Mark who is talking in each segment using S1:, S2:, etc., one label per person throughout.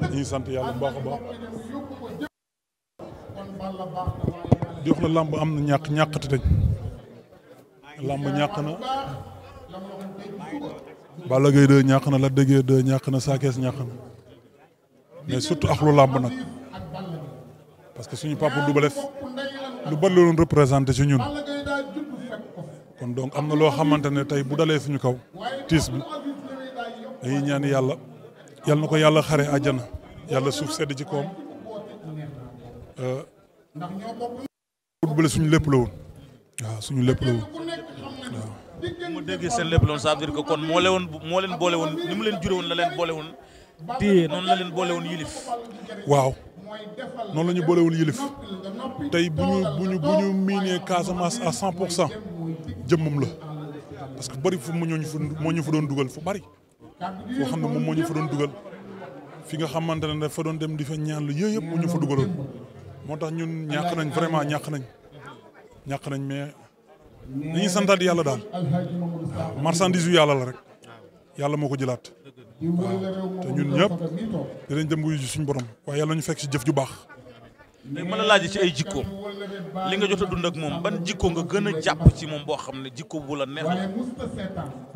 S1: dañuy sant yàlla bu baax baax. di na làmb am na ñàkk ñàkkati nañ. làmb ñàkk na. Balla Gaye 2 ñàkk na la de Guiers 2 ñàkk na Sa Thiès ñàkk na mais surtout ak lu làmb nag parce que suñu papa du ba lu bëri représenté ci ñun kon donc am na loo xamante ne tey bu dalee suñu kaw tiis bi dañuy ñaan yàlla. yal na ko yàlla xare àjjana yàlla suuf sedd ci koom football suñu lépp la woon suñu lépp la woon
S2: waaw mu déggee seen lépp la woon kon moo leen moo leen boole leen jure woon la boole woon téye noonu la leen boole woon yilif
S1: waaw noonu la ñu boole woon yilif tey bu ñu bu ñu bu ñu miinee Casamance à cent pour cent jëmmam la parce que bëri fu mu ñooñu fu moo ñu fa doon duggal fu bari
S2: foo xam ne moom moo ñu
S1: fa doon dugal fi nga xamante ne dafa doon dem di fa ñaan lu yooyu yëpp moo ñu fa dugaloon moo tax ñun ñàkk nañ vraiment ñàkk nañ nañ mais dañuy santaat yàlla daal marchandise yàlla la rek yàlla moo ko jëlaat waaw te ñun ñëpp dinañ dem wuyu ji suñu borom waaye yàlla ñu fekk ci jëf ju baax
S2: mais mën a laaj ci ay jikkoom li nga jot a dund ak moom ban jikko nga gën a jàpp ci moom boo xam ne jikko bu la neex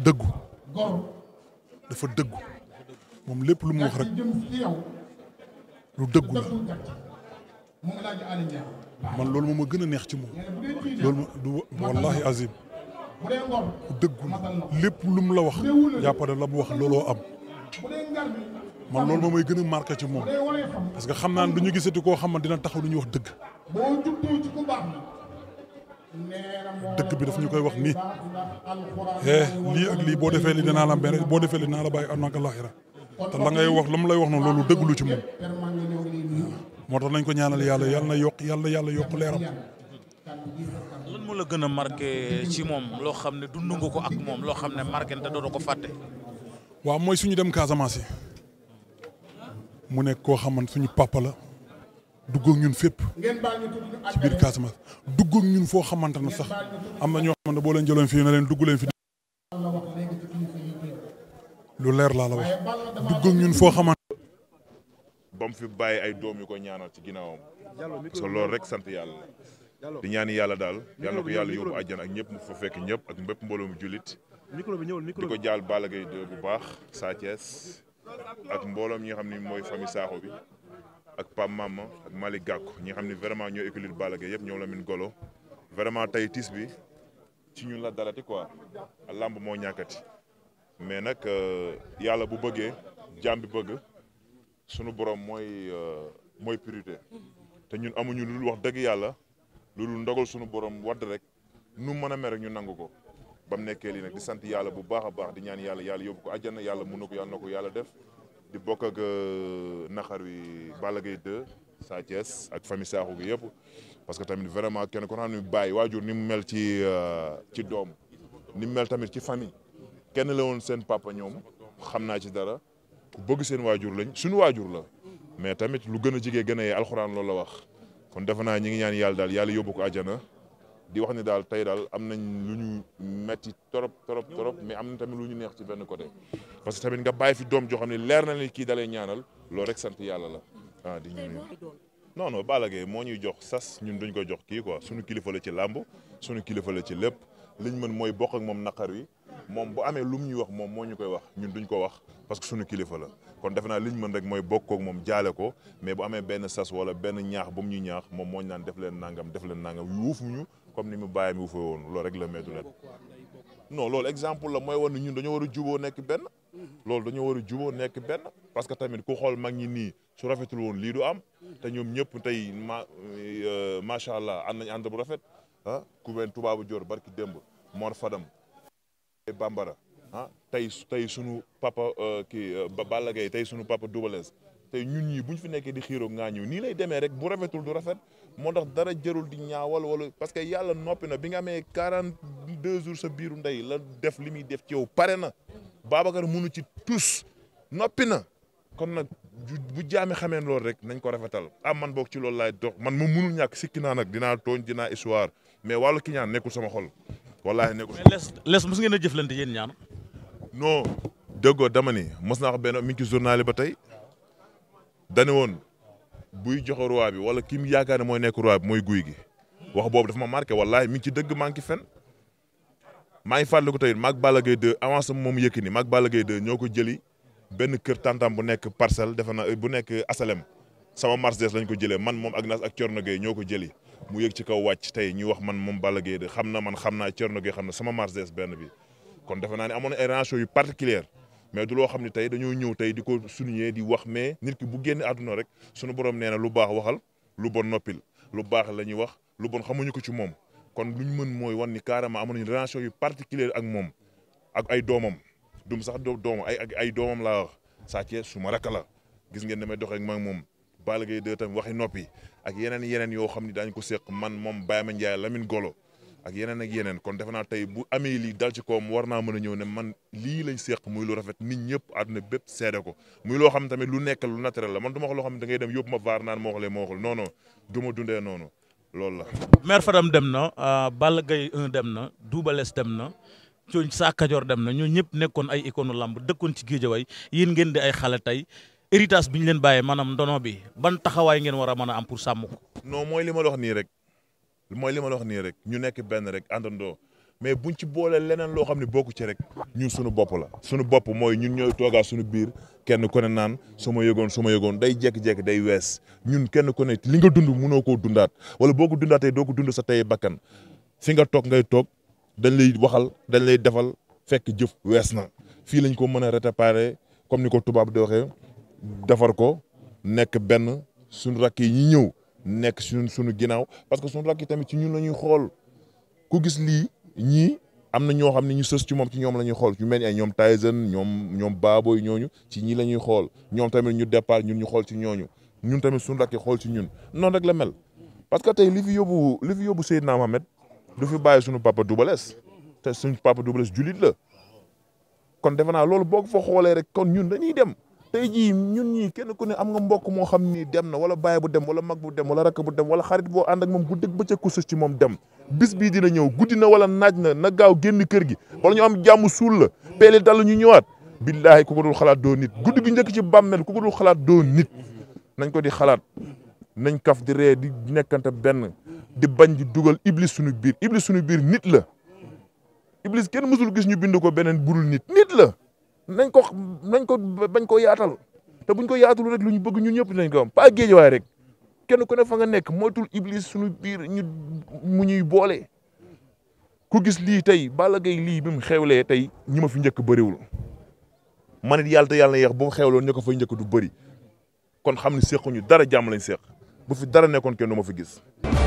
S3: dëggu
S1: dafa dëggu moom lépp lu mu wax rek lu dëggu la man loolu moom ma gën a neex ci moom loolu ma du wallahi azim dëggu la lépp lu mu la wax jàppale la mu wax looloo am man loolu moom may gën a marqué ci moom parce que xam naa ne du ñu gisati koo xam ne dina taxaw lu ñuy wax dëgg. dëkk bi daf ñu koy wax nii eh lii ak lii boo defee li dinaa la bere boo defee li dinaa la bàyyi am naka laaxira te la ngay wax la mu lay wax noonu loolu lu ci moom
S2: moo tax nañ ko ñaanal yàlla yàlla na yokk yàlla yàlla yokk leeram lan moo la gën a marqué ci moom loo xam ne dund nga ko ak moom loo xam ne marqué te doo ko fàtte
S1: waaw mooy suñu dem Casamance yi mu nekk koo xamante suñu papa la dugg ak ñun fépp
S2: ci biir Casamance
S1: dugg ak ñun foo xamante ne sax am na ñoo xamante boo leen jëloon fii na leen dugg leen fi. lu leer laa la wax dugg ñun foo xamante
S3: ba fi bàyyi ay doom yu ko ñaanal ci ginnaawam parce que loolu rek sant yàlla la di ñaan yàlla daal yàlla na ko yàlla yóbbu àjjana ak ñëpp mu fekk ñëpp ak mbépp mbooloo mu jullit di ko jaal Balla Gaye 2 bu baax Sa Thiès ak mbooloom ñi nga xam ne mooy famille Sakho bi ak Pape Mama ak mali Gakou ñi xam ne vraiment ñoo écurie Balla Gaye yëpp ñoo la min golo vraiment tey tiis bi ci ñun la dalati quoi làmb moo ñàkkati mais nag euh, yàlla bu bëggee jaam bi bëgg sunu borom mooy euh, mooy priorité te ñun amuñu lu wax dëgg yàlla dul ndogal sunu borom wadd rek nu mën a mer rek ñu nangu ko ba mu nekkee lii nag di sant yàlla bu baax a baax di ñaan yàlla yàlla yóbbu ko àjjana yàlla mun na ko yàlla na yàlla def di bokk ak euh, naxar wi Balla Gaye 2 Sa Thiès ak famille Sakho gi yëpp parce que tamit vraiment kenn ko xam ne bàyyi waajur ni mu mel ci euh, ci doom ni mu mel tamit ci famille kenn la woon seen papa ñoom xam naa ci dara ku bëgg seen waajur lañ suñu waajur la mais tamit lu gën a jigee gën a yee alxuraan loolu la wax kon defe naa ñi ngi ñaan yàlla daal yàlla yóbbu ko àjjana di wax ni daal tey daal am nañ lu ñu metti trop trop trop mais am na tamit lu ñu neex ci benn côté parce que tamit nga bàyyi fi doom joo xam ne leer na ni kii dalay ñaanal loolu rek sant yàlla la ah di ñu non non moo ñuy jox sas ñun duñ ko jox kii quoi suñu kilifa la ci làmb suñu kilifa la ci lépp liñ mën mooy bokk ak moom naqar wi moom bu amee lu mu ñuy wax moom moo ñu koy wax ñun duñ ko wax parce que suñu kilifa la kon defe naa li ñu mën rek mooy bokkook moom jaale ko mais bu amee benn sas wala benn ñaax ba mu ñuy ñaax moom mooñ ñu naan def leen nangam def leen nangam yuuf ñu comme ni mu bàyyi mi wuufee woon loolu rek la méttu leen non loolu exemple la mooy woon ne ñun dañoo war a juboo nekk benn loolu dañoo war a juboo nekk benn parce que tamit ku xool mag ñi nii su rafetul woon lii du am te ñoom ñëpp tey ma euh, macha allah ànd nañ ànd bu rafet ah ku mel tubaabu joor barki démb Mor Fadam E Bambara ah tey tey sunu papa euh, kii euh, Balla Gaye tey sunu papa Double te ñun ñii bu ñu fi nekkee di xiiroo ngaa ñëw nii lay demee rek bu rafetul du rafet moo tax dara jërul di ñaawal wala parce que yàlla noppi na bi nga amee quarante deux jours sa biiru ndey la def li muy def ci yow pare na Babacar munu ci tous noppi na kon nag bu jaami xameen loolu rek nañ ko rafetal am ah, man boog ci loolu laay dox man mu munul ñàkk sikki naa nag dinaa tooñ dinaa histoire mais wàllu ki ñaan nekkul sama xol wallaahi ne ko. mais les mos ngeen a jëflante yéen ñaanu. non déggoo dama ni mos na wax benn mi ngi ci journal ba tey danu woon buy joxe roi bi wala ki mu yaakaar ne mooy nekk roi mooy guy gi wax boobu dafa ma marqué wallaahi mi ngi ci dëgg maa ngi fen maa ngi ko tey mag Balla Gaye 2 avance am moom yëkk ni mag Balla Gaye 2 ñoo ko jëli benn kër tantam bu nekk parcelle defe na bu nekk asalem sama Mercedes lañ ko jëlee man moom ak Nas ak Thierno Gueye ñoo ko jëli. mu yëg ci kaw wàcc tey ñuy wax man moom Balla Gaye xam na man xam naa Thierno Gueye xam na sama Mercedes benn bi kon defe ne amoon na ay relations yu particulière mais du loo xam ne tey dañoo ñëw tey di ko souligner di wax mais nit ki bu génn àdduna rek sunu borom nee na lu baax waxal lu bon noppil lu baax la ñuy wax lu bon xamuñu ko ci moom kon lu ñu mën mooy wan ni carrément amoon nañu relation yu particulière ak moom ak ay doomam dum sax doomam ay ak ay doomam laa wax Sa su ma rakk la gis ngeen damay doxee ak ma moom Balla Gaye 2 tam waxi noppi ak yeneen yeneen yoo xam ni daañ ko seq man moom Baye Ma Ndiaye Lamine Golo ak yeneen ak yeneen kon defe naa tey bu amee lii dal ci kawam war naa mën a ñëw ne man lii lañ seq muy lu rafet nit ñëpp àdduna bépp seede ko muy loo xam tamit lu nekk lu naturel la man du ma loo xam ne da ngay dem yóbbu ma vaar naan moo xalee moo xal non du ma dundee noonu loolu la.
S2: maire Fadam dem na euh, Balla Gaye 1 dem na Double dem na Sa Kajoor dem na ñoo ñëpp nekkoon ay icône lamb dëkkoon ci Guédiawaye yéen ngeen di ay xale tey héritage bi ñu leen bàyyee maanaam ndono bi ban taxawaay ngeen war a mën a am pour sàmm ko.
S3: mooy li ma la wax nii rek mooy li ma la nii rek ñu nekk benn rek àndandoo mais buñ ci boole leneen loo xam ne bokku ci rek ñun suñu bopp la. suñu bopp mooy ñun ñooy toogaa suñu biir kenn ku ne naan su ma yogoon su ma yogoon day jékki-jékki day wees ñun kenn ku ne li nga dund munoo ko dundaat wala boo ko dundaatee doo dund sa tey bakkan fi nga toog ngay toog dañ lay waxal dañ lay defal fekk jëf wees na fii lañ ko mën a réparer comme ni ko tubaab di waxee defar ko nekk benn suñu rakk yi ñi ñëw nekk suñ suñu ginnaaw parce que suñu rakk yi tamit ci ñun la ñuy xool ku gis lii ñii am na ñoo xam ne ñu sës ci moom ci ñoom la ñuy xool ñu mel ni ay ñoom Tyson ñoom ñoom Baboy ñooñu ci ñii la ñuy xool ñoom tamit ñu départ ñun ñu xool ci ñooñu ñun tamit suñu rakk yi xool ci ñun noonu rek la mel parce que tey li fi yóbbu li fi yóbbu Seydina Mohamed du fi bàyyi suñu papa Double Less te suñu papa Double Less jullit la kon defe naa loolu boo ko xoolee rek kon ñun dañuy dem tey jii ñun ñii kenn ku ne am nga mbokk moo xam ni dem na wala baay bu dem wala mag bu dem wala rakk bu dem wala xarit boo ànd ak moom guddeeg bëccëg ku sës moom dem bis bii ñëw guddi na wala naaj na na gaaw génn kër gi wala ñu am jàmm suul la peele dal ñu ñëwaat billaahi ku ko dul xalaat doo nit guddi gi njëkk ci bàmmeel ku ko dul xalaat doo nit nañ ko di xalaat nañ kaf di ree di nekkante benn di bañ di dugal iblis suñu biir iblis suñu biir nit la iblis kenn mësul gis ñu bind ko beneen burul nit nit la nañ ko nañ ko bañ ko yaatal te buñ ko yaatul rek lu ñu bëgg ñun ñëpp dinañ ko am pas waay rek kenn ku ne fa nga nekk moytul iblis suñu biir ñu mu ñuy boole. ku gis lii tey Balla Gaye lii bi mu xewlee tey ñu ma fi njëkk bëriwul man it yàlla te yàlla na yéex bu mu xewloon ñu ko fay njëkk du bari kon xam ne sequñu dara jàmm lañ seq bu fi dara nekkoon kenn du ma fi gis.